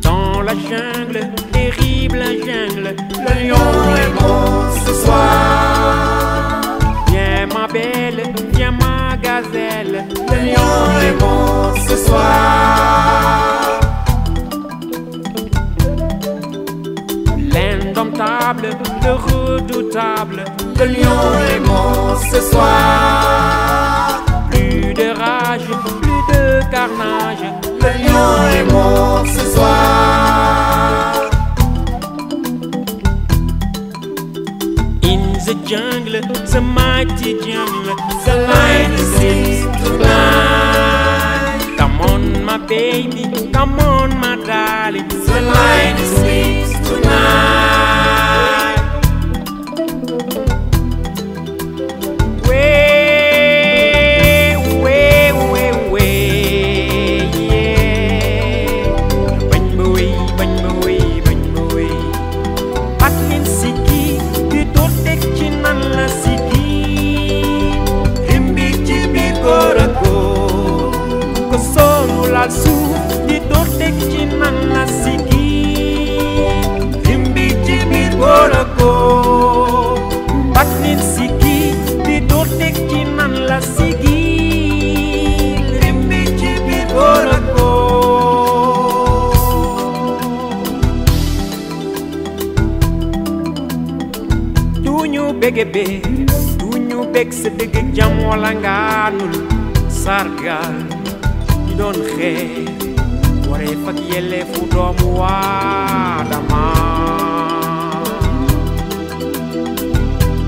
Dans la jungle, terrible jungle, le lion est bon ce soir. Viens ma belle, viens ma gazelle, le lion est bon ce soir. L'indomptable, le redoutable, le lion est bon. ce soir. Plus de rage, plus de carnage. Le lion est mort ce soir. In the jungle, the mighty jungle, the lion seems tonight. Come on, my baby, come on, my darling, the lion sleeps tonight. palsu ditotek cimanga siki Dimbi-jimbi bolako Batnin siki ditotek cimanga siki Dimbi-jimbi bolako Tunyu begebe Tunyu beg sebege jam walanga nul Sarga wareef ak yelleefu doomu Aadama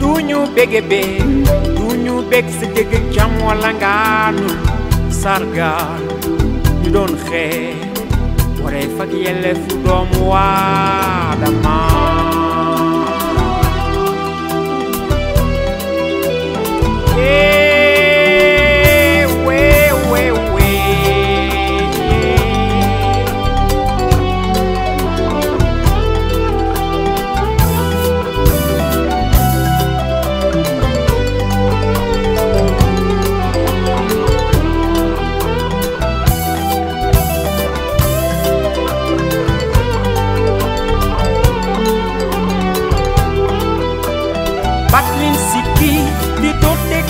duñu bége bee duñu bég si dégg jam walla ngaanul sargal ñu doon xee wareef ak yelleefu doomu Aadama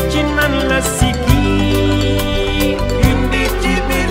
ci nan la sikki indi ci biir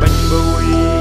bánh bùi